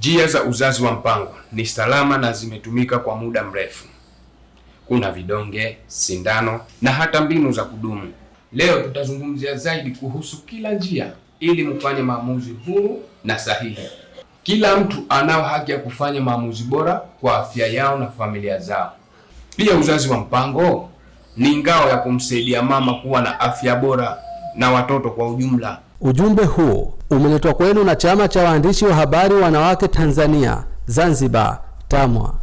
Njia za uzazi wa mpango ni salama na zimetumika kwa muda mrefu. Kuna vidonge, sindano na hata mbinu za kudumu. Leo tutazungumzia zaidi kuhusu kila njia ili mfanye maamuzi huru na sahihi. Kila mtu anao haki ya kufanya maamuzi bora kwa afya yao na familia zao. Pia uzazi wa mpango ni ngao ya kumsaidia mama kuwa na afya bora na watoto kwa ujumla. Ujumbe huu umeletwa kwenu na Chama cha Waandishi wa Habari Wanawake Tanzania Zanzibar, TAMWA.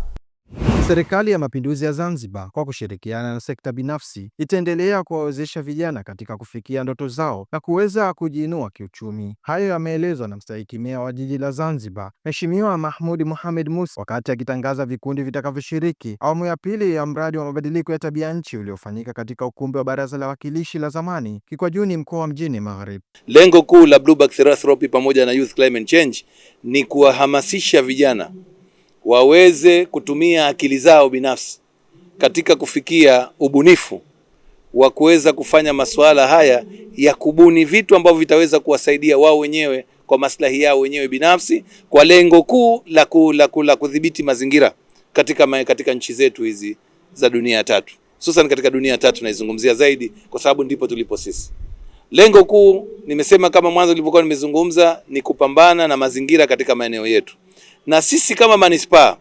Serikali ya Mapinduzi ya Zanzibar kwa kushirikiana na sekta binafsi itaendelea kuwawezesha vijana katika kufikia ndoto zao na kuweza kujiinua kiuchumi. Hayo yameelezwa na mstahiki meya wa jiji la Zanzibar, Mheshimiwa Mahmud Mohamed Musa wakati akitangaza vikundi vitakavyoshiriki awamu ya pili ya mradi wa mabadiliko ya tabia nchi uliofanyika katika ukumbi wa Baraza la wakilishi la zamani Kikwajuni, mkoa wa Mjini Magharibi. Lengo kuu la Blue Back Philanthropy pamoja na Youth Climate Change ni kuwahamasisha vijana waweze kutumia akili zao binafsi katika kufikia ubunifu wa kuweza kufanya masuala haya ya kubuni vitu ambavyo vitaweza kuwasaidia wao wenyewe kwa maslahi yao wenyewe binafsi kwa lengo kuu la kudhibiti mazingira katika, katika nchi zetu hizi za dunia tatu, hususan katika dunia tatu naizungumzia zaidi kwa sababu ndipo tulipo sisi. Lengo kuu nimesema kama mwanzo nilivyokuwa nimezungumza ni kupambana na mazingira katika maeneo yetu. Na sisi kama manispaa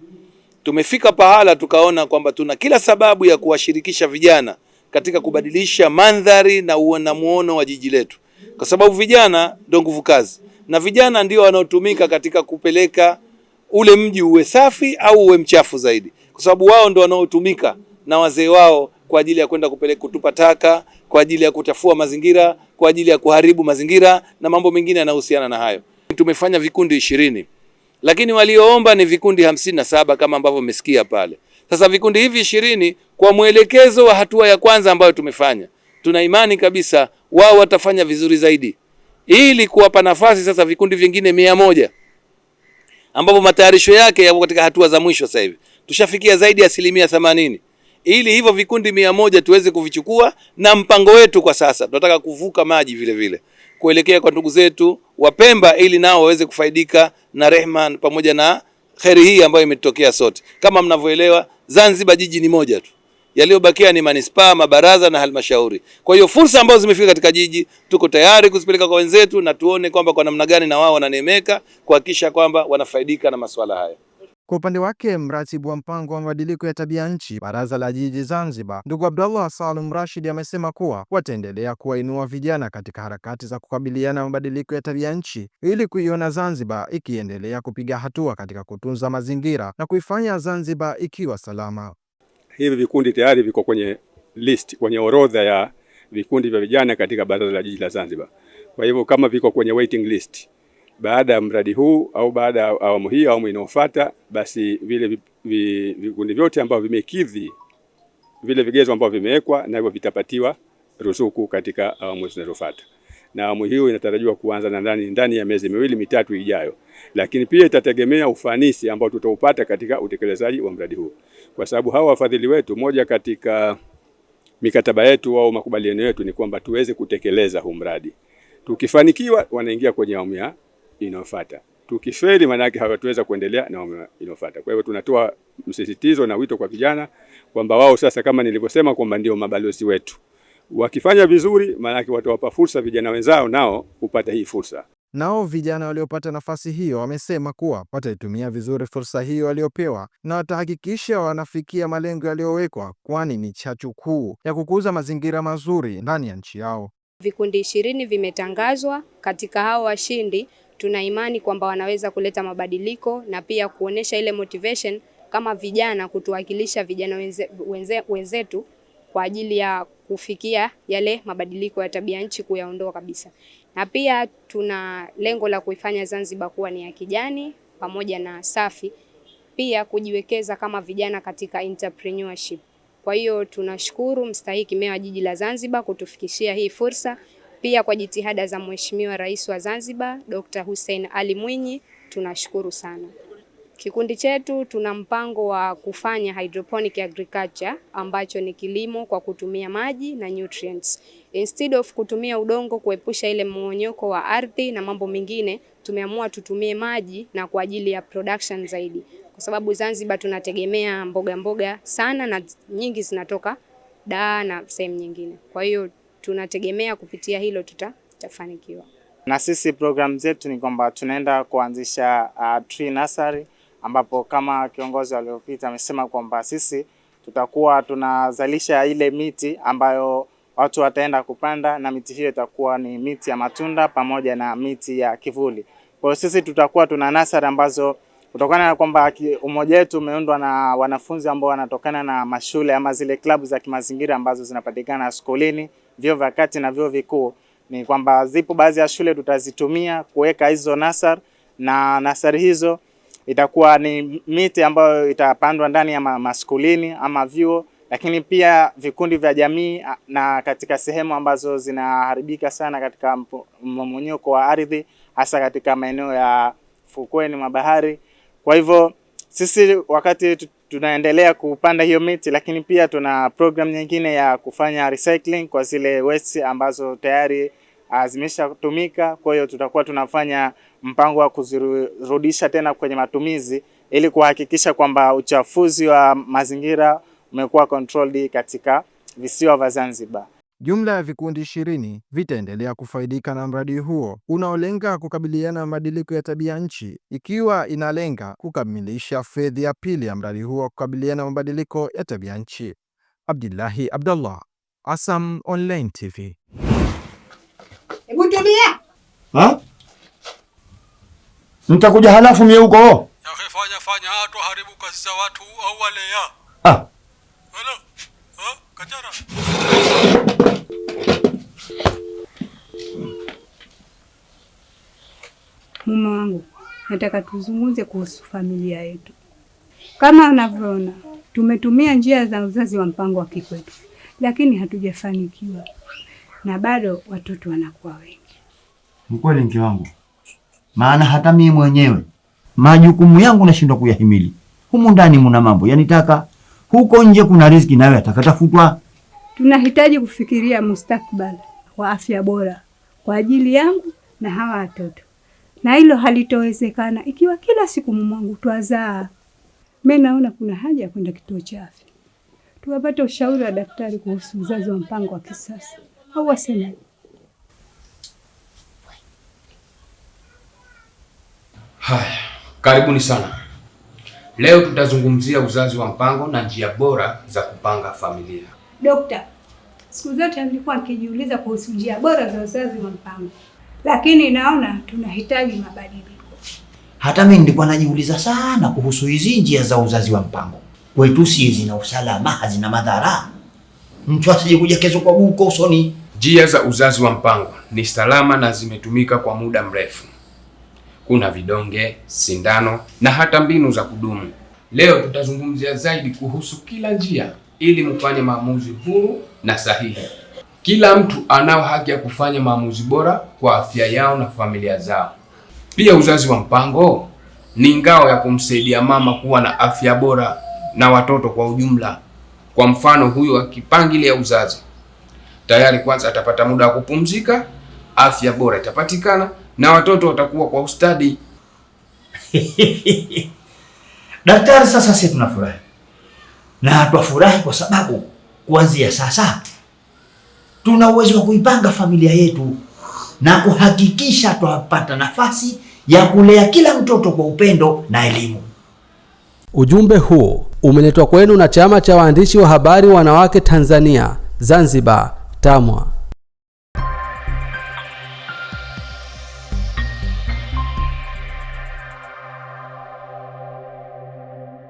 tumefika pahala tukaona kwamba tuna kila sababu ya kuwashirikisha vijana katika kubadilisha mandhari na uona muono wa jiji letu, kwa sababu vijana ndio nguvu kazi, na vijana ndio wanaotumika katika kupeleka ule mji uwe safi au uwe mchafu zaidi, kwa sababu wao ndio wanaotumika na wazee wao kwa ajili ya kwenda kupeleka kutupa taka, kwa ajili ya kuchafua mazingira, kwa ajili ya kuharibu mazingira na mambo mengine yanayohusiana na hayo. Tumefanya vikundi ishirini lakini walioomba ni vikundi hamsini na saba kama ambavyo umesikia pale. Sasa vikundi hivi ishirini kwa mwelekezo wa hatua ya kwanza ambayo tumefanya, tuna imani kabisa wao watafanya vizuri zaidi, ili kuwapa nafasi sasa vikundi vingine mia moja ambapo matayarisho yake yapo katika hatua za mwisho. Sasa hivi tushafikia zaidi ya asilimia themanini ili hivyo vikundi mia moja tuweze kuvichukua, na mpango wetu kwa sasa tunataka kuvuka maji vile vile kuelekea kwa ndugu zetu wa Pemba ili nao waweze kufaidika na rehma pamoja na kheri hii ambayo imetokea sote. Kama mnavyoelewa, Zanzibar jiji ni moja tu, yaliyobakia ni manispaa, mabaraza na halmashauri. Kwa hiyo fursa ambazo zimefika katika jiji tuko tayari kuzipeleka kwa wenzetu, na tuone kwamba kwa namna gani na wao wananeemeka kuhakikisha kwamba wanafaidika na masuala haya. Kwa upande wake mratibu wa mpango wa mabadiliko ya tabia nchi baraza la jiji Zanzibar, ndugu Abdullah Salum Rashid amesema kuwa wataendelea kuwainua vijana katika harakati za kukabiliana na mabadiliko ya tabia nchi ili kuiona Zanzibar ikiendelea kupiga hatua katika kutunza mazingira na kuifanya Zanzibar ikiwa salama. Hivi vikundi tayari viko kwenye list, kwenye orodha ya vikundi vya vijana katika baraza la jiji la Zanzibar. Kwa hivyo kama viko kwenye waiting list baada ya mradi huu au baada ya awamu hii, awamu inayofuata, basi vile vikundi vyote ambavyo vimekidhi vile vigezo ambavyo vimewekwa na hivyo vitapatiwa ruzuku katika awamu zinazofuata, na awamu hiyo inatarajiwa kuanza na ndani ndani ya miezi miwili mitatu ijayo, lakini pia itategemea ufanisi ambao tutaupata katika utekelezaji wa mradi huu, kwa sababu hawa wafadhili wetu, moja katika mikataba yetu au makubaliano yetu ni kwamba tuweze kutekeleza huu mradi. Tukifanikiwa, wanaingia kwenye awamu ya inayofuata. Tukifeli maana hawatuweza kuendelea na umma inayofuata. Kwa hivyo tunatoa msisitizo na wito kwa vijana kwamba wao sasa, kama nilivyosema, kwamba ndio mabalozi wetu. Wakifanya vizuri, maanake watawapa fursa vijana wenzao nao kupata hii fursa. Nao vijana waliopata nafasi hiyo wamesema kuwa wataitumia vizuri fursa hiyo waliopewa na watahakikisha wanafikia malengo yaliyowekwa, kwani ni chachu kuu ya kukuza mazingira mazuri ndani ya nchi yao. Vikundi ishirini vimetangazwa katika hao washindi tuna imani kwamba wanaweza kuleta mabadiliko na pia kuonesha ile motivation kama vijana, kutuwakilisha vijana wenze, wenze, wenzetu kwa ajili ya kufikia yale mabadiliko ya tabia nchi kuyaondoa kabisa. Na pia tuna lengo la kuifanya Zanzibar kuwa ni ya kijani pamoja na safi, pia kujiwekeza kama vijana katika entrepreneurship. Kwa hiyo tunashukuru mstahiki meya wa jiji la Zanzibar kutufikishia hii fursa. Pia kwa jitihada za Mheshimiwa Rais wa Zanzibar Dr. Hussein Ali Mwinyi tunashukuru sana. Kikundi chetu tuna mpango wa kufanya hydroponic agriculture ambacho ni kilimo kwa kutumia maji na nutrients. Instead of kutumia udongo kuepusha ile mmonyoko wa ardhi na mambo mengine, tumeamua tutumie maji na kwa ajili ya production zaidi. Kwa sababu Zanzibar tunategemea mboga mboga sana na nyingi zinatoka Daa na sehemu nyingine. Kwa hiyo tunategemea kupitia hilo tuta, tutafanikiwa. Na sisi programu zetu ni kwamba tunaenda kuanzisha uh, tree nursery ambapo kama kiongozi aliyopita amesema kwamba sisi tutakuwa tunazalisha ile miti ambayo watu wataenda kupanda na miti hiyo itakuwa ni miti ya matunda pamoja na miti ya kivuli. Kwa hiyo sisi tutakuwa tuna nasari ambazo kutokana na kwamba umoja wetu umeundwa na wanafunzi ambao wanatokana na mashule ama zile klabu za kimazingira ambazo zinapatikana skulini vyuo vya kati na vyuo vikuu ni kwamba zipo baadhi ya shule tutazitumia kuweka hizo nasari na nasari hizo itakuwa ni miti ambayo itapandwa ndani ya maskulini ama vyuo, lakini pia vikundi vya jamii na katika sehemu ambazo zinaharibika sana katika mmomonyoko wa ardhi, hasa katika maeneo ya fukweni mwa bahari. Kwa hivyo sisi wakati tunaendelea kupanda hiyo miti, lakini pia tuna program nyingine ya kufanya recycling kwa zile waste ambazo tayari ah, zimeshatumika. Kwa hiyo tutakuwa tunafanya mpango wa kuzirudisha tena kwenye matumizi ili kuhakikisha kwamba uchafuzi wa mazingira umekuwa controlled katika visiwa vya Zanzibar. Jumla ya vikundi ishirini vitaendelea kufaidika na mradi huo unaolenga kukabiliana na mabadiliko ya tabia nchi, ikiwa inalenga kukamilisha fedhi ya pili ya mradi huo wa kukabiliana na mabadiliko ya tabia nchi. Abdullahi Abdullah, ASAM Online TV. Hebu tulia. Ha? Mtakuja halafu mie huko. Ya fanya fanya hatu haribu kazi za watu au wale ya. Ah. Hello. Ha? Kajara. mume wangu, nataka tuzungumze kuhusu familia yetu. Kama unavyoona, tumetumia njia za uzazi wa mpango wa kikwetu, lakini hatujafanikiwa na bado watoto wanakuwa wengi. Mkweli mke wangu, maana hata mimi mwenyewe majukumu yangu nashindwa kuyahimili. Humu ndani muna mambo yanitaka, huko nje kuna riziki nayo yatakatafutwa. Tunahitaji kufikiria mustakbal wa afya bora kwa ajili yangu na hawa watoto na hilo halitowezekana ikiwa kila siku mumwangu twazaa. Mi naona kuna haja ya kwenda kituo cha afya tuwapate ushauri wa daktari kuhusu uzazi wa mpango wa kisasa, au waseme haya. Karibuni sana. Leo tutazungumzia uzazi wa mpango na njia bora za kupanga familia. Dokta, siku zote nilikuwa nikijiuliza kuhusu njia bora za uzazi wa mpango lakini naona tunahitaji mabadiliko. Hata mimi nilikuwa najiuliza sana kuhusu hizi njia za uzazi wa mpango kwetu, si zina usalama, hazina madhara, mtu asije kuja kesho kwa guko usoni. Njia za uzazi wa mpango ni salama na zimetumika kwa muda mrefu. Kuna vidonge, sindano na hata mbinu za kudumu. Leo tutazungumzia zaidi kuhusu kila njia ili mfanye maamuzi huru na sahihi. Kila mtu anao haki ya kufanya maamuzi bora kwa afya yao na familia zao. Pia uzazi wa mpango ni ngao ya kumsaidia mama kuwa na afya bora na watoto kwa ujumla. Kwa mfano, huyu akipangilia uzazi tayari, kwanza atapata muda wa kupumzika, afya bora itapatikana na watoto watakuwa kwa ustadi. Daktari, sasa sisi tunafurahi na twafurahi kwa sababu kuanzia sasa tuna uwezo wa kuipanga familia yetu na kuhakikisha twapata nafasi ya kulea kila mtoto kwa upendo na elimu. Ujumbe huo umeletwa kwenu na Chama cha Waandishi wa Habari Wanawake Tanzania Zanzibar, TAMWA.